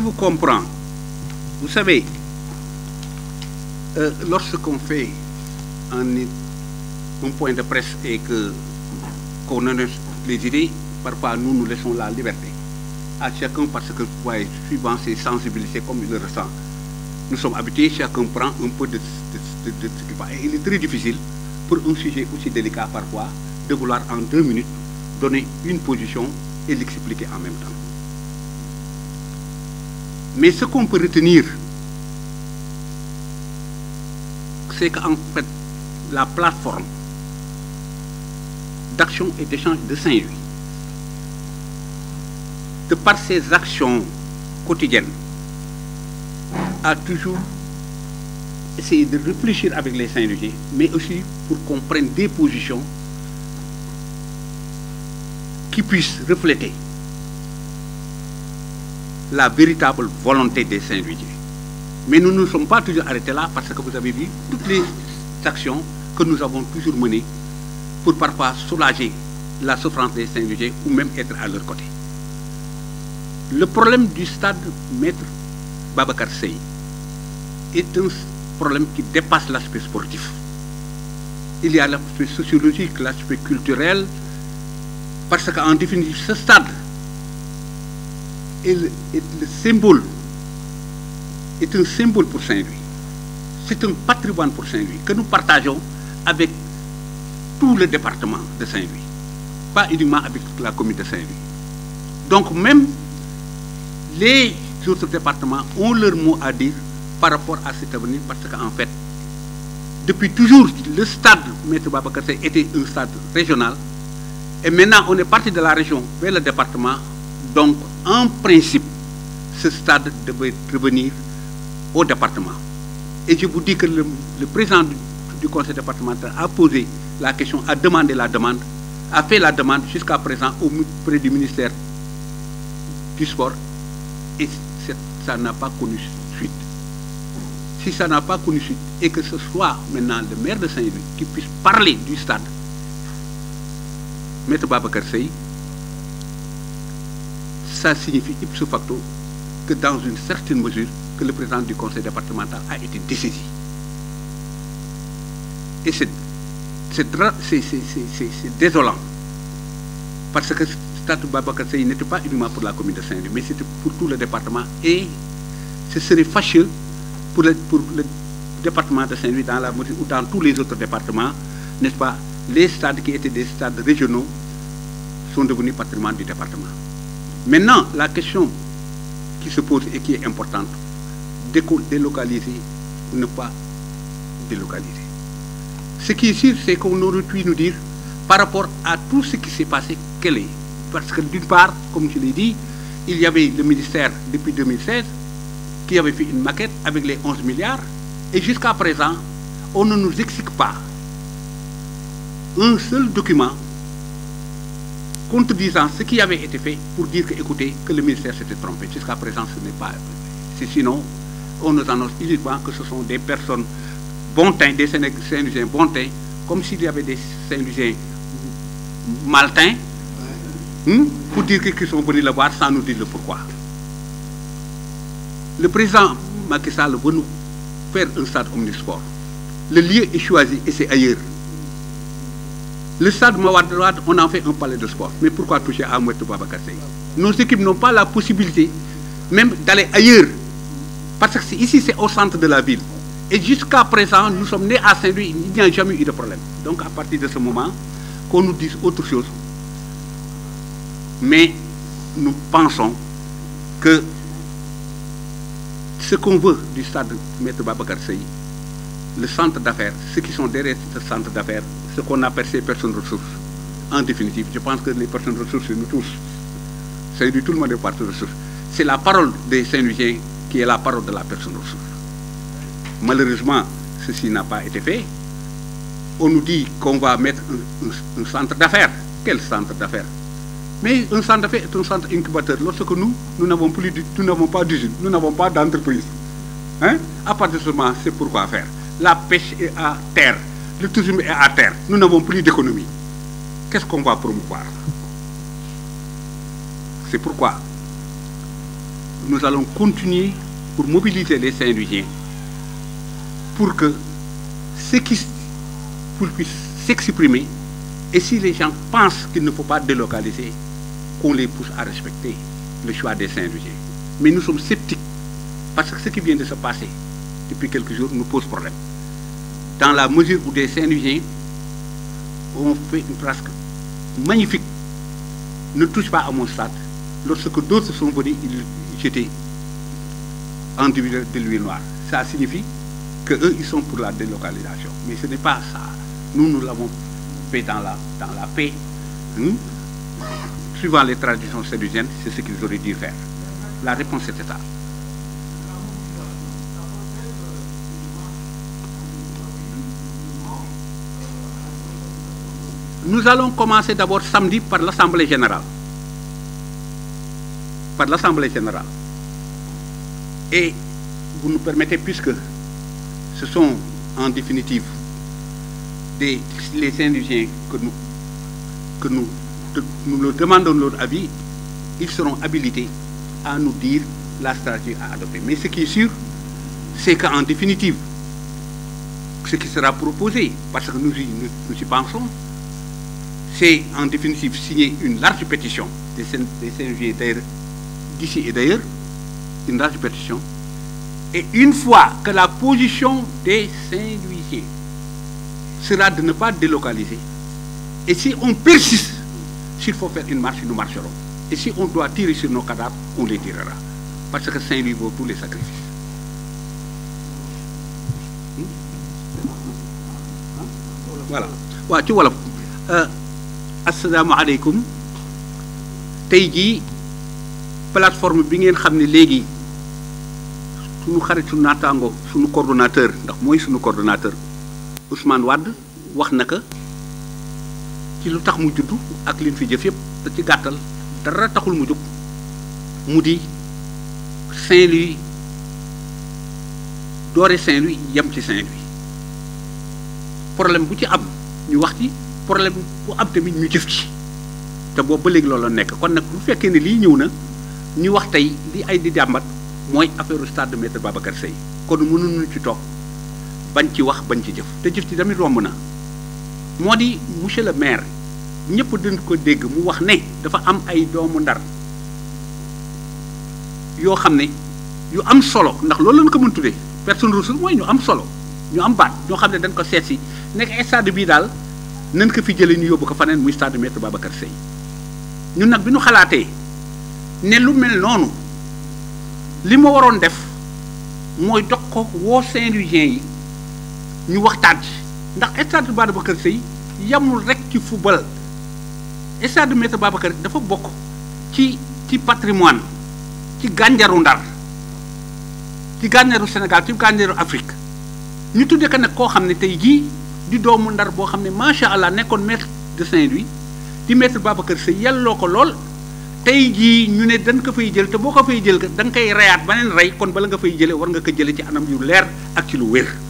vous comprends. Vous savez, euh, lorsqu'on fait un, point de presse et que qu'on annonce les idées, parfois nous nous laissons la liberté à chacun parce que ouais, suivant ses sensibilités comme il le ressent. Nous sommes habitués, chacun prend un peu de, ce qui va. Il est très difficile pour un sujet aussi délicat parfois de vouloir en deux minutes donner une position et l'expliquer en même temps. Mais ce qu'on peut retenir, c'est qu'en fait, la plateforme d'action et d'échange de Saint-Louis, de par ses actions quotidiennes, a toujours essayé de réfléchir avec les Saint-Louis, mais aussi pour qu'on prenne des positions qui puissent refléter la véritable volonté des Saint-Louisiens. Mais nous ne nous sommes pas toujours arrêtés là parce que vous avez vu toutes les actions que nous avons toujours menées pour parfois soulager la souffrance des Saint-Louisiens ou même être à leur côté. Le problème du stade Maître Babacar Sey est un problème qui dépasse l'aspect sportif. Il y a l'aspect sociologique, l'aspect culturel, parce qu'en définitive, ce stade est le, symbole, est un symbole pour Saint-Louis. C'est un patrimoine pour Saint-Louis que nous partageons avec tout le département de Saint-Louis, pas uniquement avec la commune de Saint-Louis. Donc même les autres départements ont leur mot à dire par rapport à cette avenir parce qu'en fait, depuis toujours, le stade M. Babakassé était un stade régional. Et maintenant, on est parti de la région vers le département donc, en principe, ce stade devait revenir au département. Et je vous dis que le, président du, conseil départemental a posé la question, a demandé la demande, a fait la demande jusqu'à présent auprès du ministère du Sport et ça n'a pas connu suite. Si ça n'a pas connu suite et que ce soit maintenant le maire de Saint-Louis qui puisse parler du stade, Maître Babacar ça signifie ipso facto que dans une certaine mesure, que le président du conseil départemental a été dessaisi. Et c'est désolant, parce que Stade Babacar n'était pas uniquement pour la commune de Saint-Louis, mais c'était pour tout le département, et ce serait fâcheux pour le, pour le département de Saint-Louis dans la ou dans tous les autres départements, n'est-ce pas Les stades qui étaient des stades régionaux sont devenus patrimoine du département. Maintenant, la question qui se pose et qui est importante, délocaliser ou ne pas délocaliser. Ce qui est sûr, c'est qu'on aurait pu nous dire, par rapport à tout ce qui s'est passé, quel est. Parce que d'une part, comme je l'ai dit, il y avait le ministère depuis 2016 qui avait fait une maquette avec les 11 milliards. Et jusqu'à présent, on ne nous explique pas un seul document contredisant ce qui avait été fait pour dire que, écoutez, que le ministère s'était trompé. Jusqu'à présent, ce n'est pas. Sinon, on nous annonce uniquement que ce sont des personnes bon des saint lusiens bon comme s'il y avait des saint lusiens mal hmm, pour dire qu'ils sont venus le voir sans nous dire le pourquoi. Le président Macky Sall veut nous faire un stade omnisport. Le lieu est choisi et c'est ailleurs. Le stade Mawadouad, on en fait un palais de sport. Mais pourquoi toucher à Mouette-Babacar Sey Nos équipes n'ont pas la possibilité même d'aller ailleurs. Parce que ici, c'est au centre de la ville. Et jusqu'à présent, nous sommes nés à Saint-Louis, il n'y a jamais eu de problème. Donc à partir de ce moment, qu'on nous dise autre chose. Mais nous pensons que ce qu'on veut du stade Maître Babacar le centre d'affaires, ceux qui sont derrière ce centre d'affaires, ce qu'on appelle ces personnes ressources. En définitive, je pense que les personnes ressources, nous tous, c'est du tout le monde des de ressources. C'est la parole des saint qui est la parole de la personne ressource. Malheureusement, ceci n'a pas été fait. On nous dit qu'on va mettre un, centre d'affaires. Quel centre d'affaires Mais un centre d'affaires est un centre incubateur. Lorsque nous, nous n'avons plus, nous n'avons pas d'usine, nous n'avons pas d'entreprise. Hein? À partir de ce moment, c'est pourquoi faire. La pêche est à terre le tourisme est à terre. Nous n'avons plus d'économie. Qu'est-ce qu'on va promouvoir C'est pourquoi nous allons continuer pour mobiliser les Saint-Louisiens pour que ce qui puissent s'exprimer et si les gens pensent qu'il ne faut pas délocaliser, qu'on les pousse à respecter le choix des Saint-Louisiens. Mais nous sommes sceptiques parce que ce qui vient de se passer depuis quelques jours nous pose problème dans la mesure où des saint ont fait une presque magnifique, ne touche pas à mon stade. Lorsque d'autres se sont venus, ils jetaient en de l'huile noire. Ça signifie qu'eux, ils sont pour la délocalisation. Mais ce n'est pas ça. Nous, nous l'avons fait dans la, paix. Nous, hein. Suivant les traditions séduisiennes, c'est ce qu'ils auraient dû faire. La réponse était ça. Nous allons commencer d'abord samedi par l'Assemblée générale. Par l'Assemblée générale. Et vous nous permettez, puisque ce sont en définitive les Indigènes que nous, que nous, nous leur demandons leur avis, ils seront habilités à nous dire la stratégie à adopter. Mais ce qui est sûr, c'est qu'en définitive, ce qui sera proposé, parce que nous, nous y pensons, c'est en définitive signer une large pétition des saint d'ailleurs, d'ici et d'ailleurs, une large pétition. Et une fois que la position des saint louis sera de ne pas délocaliser, et si on persiste, s'il faut faire une marche, nous marcherons. Et si on doit tirer sur nos cadavres, on les tirera. Parce que Saint-Louis vaut tous les sacrifices. Hmm? Voilà. tu asalaamaaleykum tey jii plateforme bi ngeen xam ne léegi suñu xarit suñu naataango suñu coordonnateur ndax mooy sunu coordonnateur Ousmane Wade wax na ka ci lu tax mu judd ak liñ fi jëf yëpp te ci gàttal dara taxul mu jóg mu di Saint-Louis doore Saint-Louis yem ci Saint-Louis problème bu ci am ñu wax ci problème bu am tamit ñu jëf ci te boobu ba léegi loolu nekk kon nag bu fekkee ne lii ñëw na ñuy wax tey li ay di jàmbat mooy affaire stade de maître Babacar Seye kon mënuñu ci toog bañ ci wax bañ ci jëf te jëf ci tamit romb na moo di monsieur le maire ñëpp dañ ko dégg mu wax ne dafa am ay doomu ndar yoo xam ne yu am solo ndax loolu lañ ko mën tuddee personne ressource mooy ñu am solo ñu am baat ñoo xam ne dañ ko seet si nekk stade bii daal nan ko fi jëlee ñu yóbbu ko faneen muy stade maître Babacar Seye ñun nag bi ñu xalaatee ne lu mel noonu li ma waroon def mooy dox ko woo Saint-Louisien yi ñu waxtaan ci ndax stade Babacar Seye yamul rekk ci football stade maître Babacar dafa bokk ci ci patrimoine ci gànjaru Ndar ci gànjaru Sénégal ci gànjaru Afrique ñu tuddee ko nag koo xam ne tey jii. di doomu ndar boo xam ne macha allah nekkoon maître de Saint-Louis di maître Babacar Seye yàlloo ko lool tey jii ñu ne dañ ko fay jël te boo ko fay jël da koy reyaat beneen rey kon bala nga fay jëlee war nga ko jëlee ci anam yu leer ak ci lu wér.